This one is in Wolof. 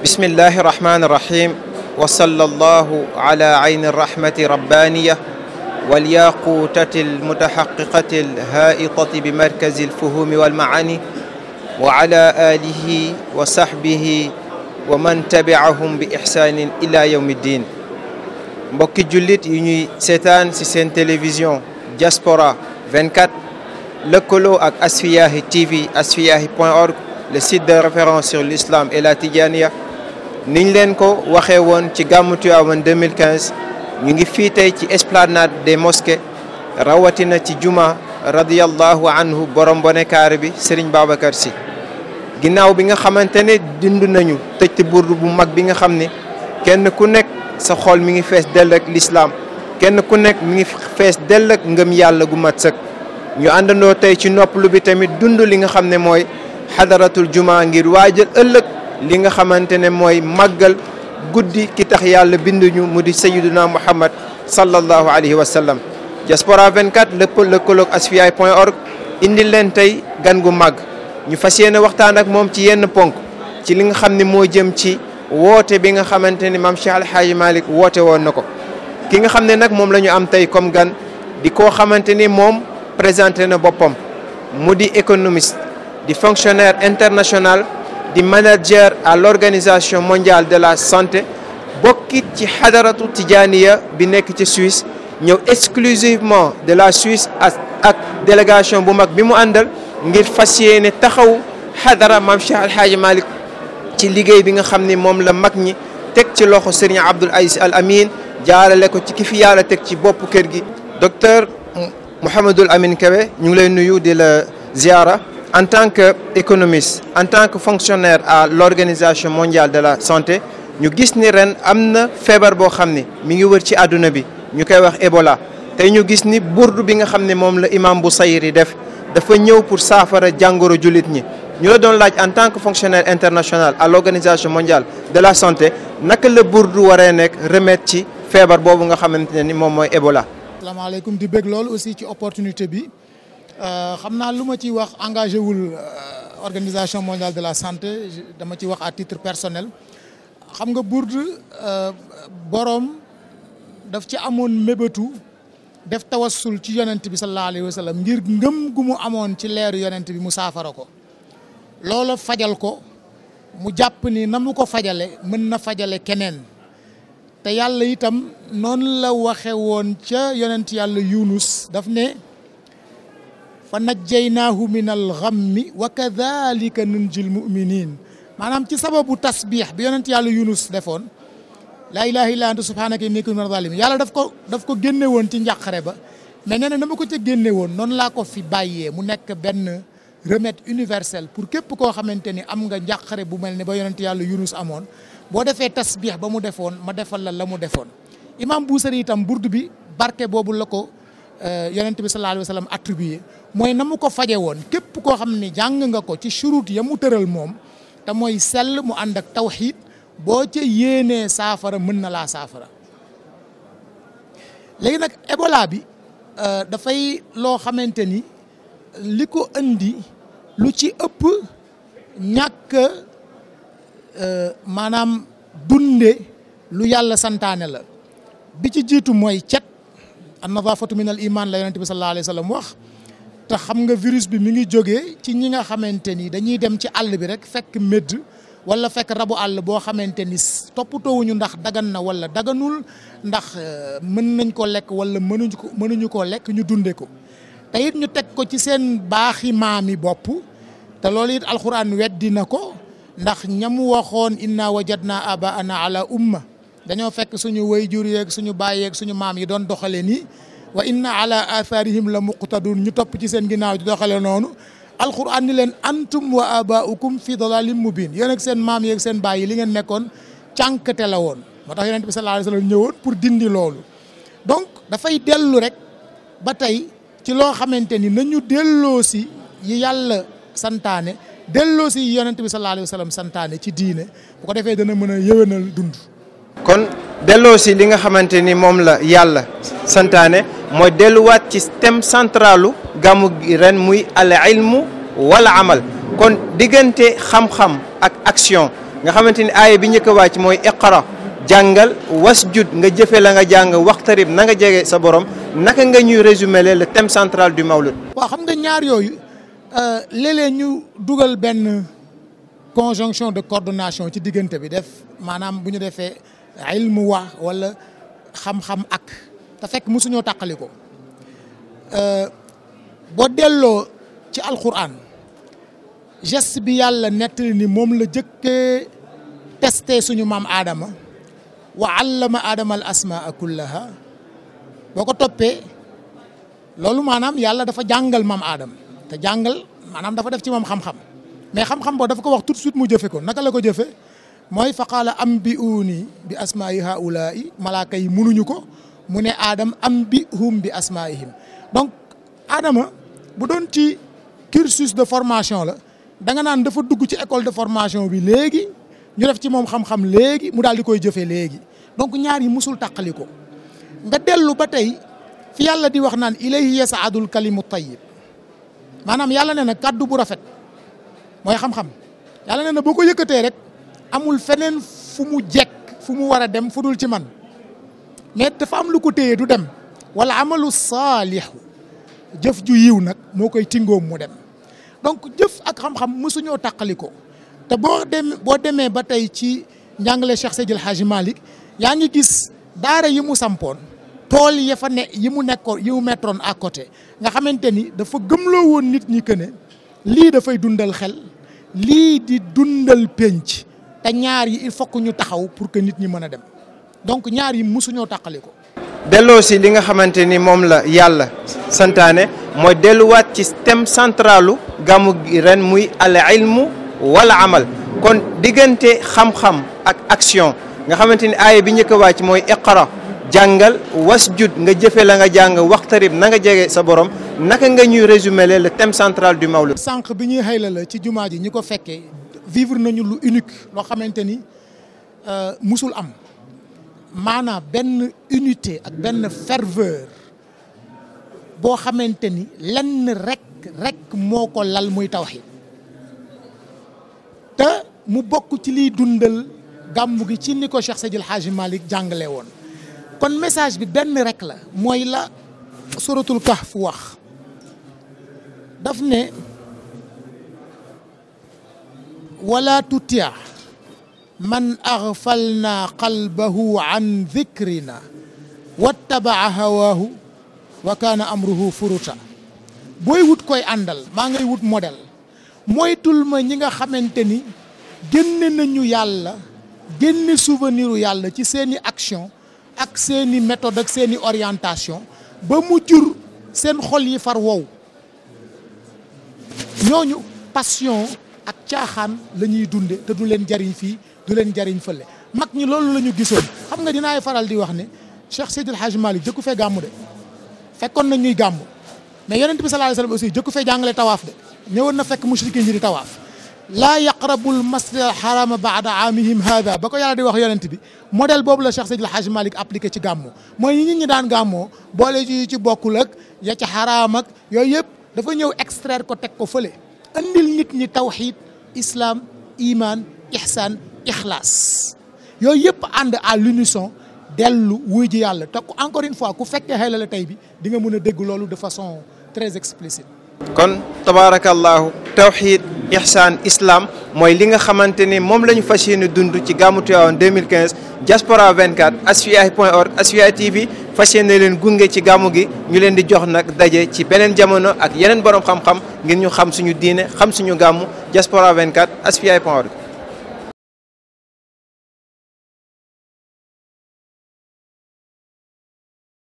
bismillahi irrahmani irrahim wa salla allahu ala ayni irrahmati rabbaniya walyaqutati almutahaqiqati alhaitati bi markazi alfuhumi walmaani wa ala alihi wa sahbihi wa man tabiahum bi ihsanin ila yawmi ddin mbokki jullit yu ñuy seetaan ci seen télévision diaspora 24 lëkkaloo ak Asfiyahi TV asfiyahi point org le site de référence sur l'islam et la Tidjaniya niñ leen ko waxee woon ci gàmmu Tivaouane 2015 ñu ngi fii tey ci esplanade des mosquées rawatina ci juma radiyallahu anhu borom bonekaare bi Serigne Babacar si ginnaaw bi nga xamante ne dund nañu tëj burdu bu mag bi nga xam ne kenn ku nekk sa xol mi ngi fees dell ak lislaam kenn ku nekk mu ngi fees dell ak ngëm yàlla gu mat sëkk ñu àndandoo tey ci noppalu bi tamit dund li nga xam ne mooy xadaratul jumaa ngir waajal ëllëg li nga xamante ne mooy màggal guddi ki tax yàlla binduñu mu di sayyiduna muhammad sallallahu alayhi wa sallam diaspora 24 lépp lëkkaloog asfiyahi point org indi leen tey gan gu màgg ñu fas yéene waxtaan ak moom ci yenn ponk ci li nga xam ne moo jëm ci woote bi nga xamante ne maam Cheikh Alhaaji woote woon na ko ki nga xam ne nag moom la ñu am tey comme gan di koo xamante ni moom présenté na boppam mu di économiste di fonctionnaire international di manager à l'organisation mondial de la santé bokkit ci xadaratu tijaaniya bi nekk ci Suisse ñëw exclusivement de la Suisse ak ak délégation bu mag bi mu àndal ngir fas yéene taxaw xadara maam Cheikh Al Hadj Malick ci liggéey bi nga xam ni moom la mag ñi teg ci loxo Serigne Abdoul Aziz Al Amin jaarale ko ci ki fi teg ci boppu kër gi docteur Mouhamadul Amin Kebe ñu ngi lay nuyu di la ziara en tant que qu'économiste en tant que fonctionnaire à l'organisation mondiale de la santé ñu gis ni ren am na feebar boo xam ni mi ngi wër ci àdduna bi ñu koy wax Ebola tey ñu gis ni burdu bi nga xam ne moom la imam bu sayri def dafa ñëw pour saafara jàngoro jullit ñi ñu la doon laaj en tant que fonctionnaire international à l'organisation mondiale de la santé naka la burdu waree nekk remède ci feebar boobu nga xamante ne ni moom mooy Ebola. asalaamaaleykum di bég lool aussi ci opportunité bi. Euh, xam naa lu ma ci wax engagé wul euh, organisation mondiale de la santé dama ci wax à titre personnel xam nga Bourde euh, boroom daf ci amoon mébétu def tawassul ci yonent bi sallallahu alayhi wa sallam ngir ngëm gu mu amoon ci leeru yonent bi mu saafara ko loola fajal ko mu jàpp ni na mu ko fajale mën na fajale keneen te yàlla itam noonu la waxe woon ca yonent yàlla Yunus daf ne fa najjaynaahu min alxammi wa kadalika nunjil muminin maanaam ci sababu tasbiix bi yonent yàlla yunus defoon laa ilaha illa anta subhanaka nekk kuntu minaz zalimin yàlla daf ko daf ko génne woon ci njàqare ba mais nee na na ma ko ca génne woon noonu laa ko fi bàyyee mu nekk benn remède universel pour képp koo xamante ni am nga njàqare bu mel ne ba yonent yàlla yunus amoon boo defee tasbiix ba mu defoon ma defal la la mu defoon imam Buusari itam burdu bi barke boobu la ko Euh, yonent bi sallallahu alayhi wa sallam attribué mooy na mu ko faje woon képp koo xam ni jàng nga ko ci churut ya mu tëral moom te mooy sell mu ànd ak tawxiid boo ca yéenee saafara mën na laa saafara léegi nag Ebola bi euh, dafay loo xamante ni li ko indi lu ci ëpp ñàkk euh, maanaam dunde lu yàlla santaane la bi ci jiitu mooy cet an nadaafatu min al imaan la yonent bi sallallahu alayhi wa wax te xam nga virus bi mu ngi jóge ci ñi nga xamante ni dañuy dem ci àll bi rek fekk médd wala fekk rabu àll boo xamante ni toppatoowuñu ndax dagan na wala daganul ndax euh, mën nañ ko lekk wala mënuñ ko mënuñu koo lekk ñu dundee ko te ñu teg ko ci seen baaxi maami bopp te loolu it alxuraan weddi na ko ndax ñamu waxoon inna wajadna abaana ala umma dañoo fekk suñu wayjur yeek suñu baay yeeg suñu maam yi doon doxalee nii wa inna ala atharihim la muqtadun ñu topp ci seen ginnaaw di doxalee noonu alquran ni leen antum wa abaukum fi dalalin mubin yéen ak seen maam yeeg seen baay yi li ngeen nekkoon cànkate la woon moo tax yonent bi sallallahu alayhi wasallam ñëwoon pour dindi loolu donc dafay dellu rek ba tey ci loo xamante ni nañu delloo si yi yàlla santaane delloo si yi yonent bi sallallahu alayhi santaane ci diine bu ko defee dana mën a yëwénal dund kon delloo si li nga xamante ni moom la yàlla santaane mooy delluwaat ci thème centralu gàmmu gi ren muy al ilmu wala amal kon diggante xam-xam ak action nga xamante ni aaya bi njëkk a wàcc mooy iqra jàngal was wasjud nga jëfe la nga jàng waxtarib na nga jege sa borom naka nga ñuy résumer le thème centrale du mawlud waaw xam nga ñaar yooyu euh, léeg ñu dugal benn conjonction de coordination ci diggante bi def maanaam bu ñu defee ilmu wa wala xam-xam ak te fekk mosuñoo tàqali ko euh, boo delloo ci alquran geste bi yàlla nettali ni moom la jëkkee testé suñu maam aadama wa allama aadama al asmaa kullaha boo ko toppee loolu maanaam yàlla dafa jàngal maam aadama te jàngal maanaam dafa def ci moom xam-xam mais xam-xam boo dafa ko wax tout de suite mu jëfe ko naka la ko jëfe mooy fa qaala am bi uuni bi asmaa'i haulaai malaaka yi munuñu ko mu ne aadam am bi hum bi asmaa'ihim donc aadama bu doon ci cursus de formation la da nga naan dafa dugg ci école de formation bi léegi ñu def ci moom xam-xam léegi mu daal di koy jëfee léegi donc ñaar yi musul tàqali ko nga dellu ba tey fi yàlla di wax naan ilayhi yasaadul kalimu tayyib maanaam yàlla nee na kàddu bu rafet mooy xam-xam yàlla ne na boo ko yëkkatee rek amul feneen fu mu jekk fu mu war a dem fu dul ci man mais dafa am lu ko téye du dem wala amalu saalihu jëf ju yiw nag moo koy tingoom mu dem donc jëf ak xam-xam mësuñoo tàqali ko te boo dem demee ba tey ci njàngale Cheikh jël Hadji Malick yaa ngi gis daara yi mu sampoon tool ya yi mu nekkoon yi mu mettoon à côté nga xamante ni dafa gëmloo woon nit ñi que ne lii dafay dundal xel lii di dundal penc te ñaar yi il faut que ñu taxaw pour que nit ñi mën a dem donc ñaar yi mosuñoo tàqale ko. delloo si li nga xamante ni moom la yàlla santaane mooy delluwaat ci thème centralu gàmmu gi ren muy al ilmu wala amal kon diggante xam-xam ak action nga xamante ni aaya bi njëkk a wàcc mooy iqra jàngal was wasjud nga jëfe la nga jàng waxtarib na nga jege sa borom naka nga ñuy résumer le thème central du mawlud sànq bi ñuy xëy la la ci jumaa ji ñi ko fekkee vivre nañu lu unique loo xamante ni euh, musul am maanaam benn unité ak benn ferveur boo xamante ni lenn rek rek moo ko lal muy tawhid te mu bokk ci liy dundal gàmmu gi ci ni ko Cheikh Seydil Hadji Malick jàngale woon kon message bi benn rek la mooy la suratul kahf wax daf ne wala tutia man axfalna qalbahu an dikrina wattabaa hawaahu wa kaana amruhu furuta booy wut koy àndal maa ngay wut modèle moytul ma ñi nga xamante ni génne nañu yàlla génne souveniru yàlla ci seeni action ak seeni méthode ak seeni orientation ba mu jur seen xol yi far wow ñooñu passion ak caaxaan la ñuy dunde te du leen jariñ fii du leen jariñ fële mag ñi loolu la ñu gisoon xam nga dinaay faral di wax ne Cheikh Seydil Hadj Malick jëkku fee gàmmu de fekkoon na ñuy gàmmu mais yonent bi sallallahu alayhi aussi jëkku fee jàngale tawaaf de ñëwoon na fekk mushrikin yi di tawaaf laa yaqrabul masjid al harama baada aamihim hada ba ko yàlla di wax yonent bi modèle boobu la Cheikh Seydil Hadj Malick appliqué ci gàmmu mooy ñi nit ñi daan gàmmoo boole ci bokkul ak ya ca xaraam yooyu yëpp dafa ñëw extraire ko teg ko fële andil nit ñi tawxiid islaam imaan ixsaan ixlaas yooyu yëpp ànd à l'unisson dellu wuy ji yàlla te encore une fois ku fekkee xel la tey bi di nga mën a dégg loolu de façon très explicite kon tabaarakallaahu tawxiid ixsaan islaam mooy li nga xamante ni moom la ñu fas yéene dund ci gàmmu Tivaouane 2015 diaspora 24 asfiyahi point org asfiyahi TV fas yéene leen gunge ci gàmmu gi ñu leen di jox nag daje ci beneen jamono ak yeneen borom xam-xam ngir ñu xam suñu diine xam suñu gàmmu diaspora 24 asfiyahi point org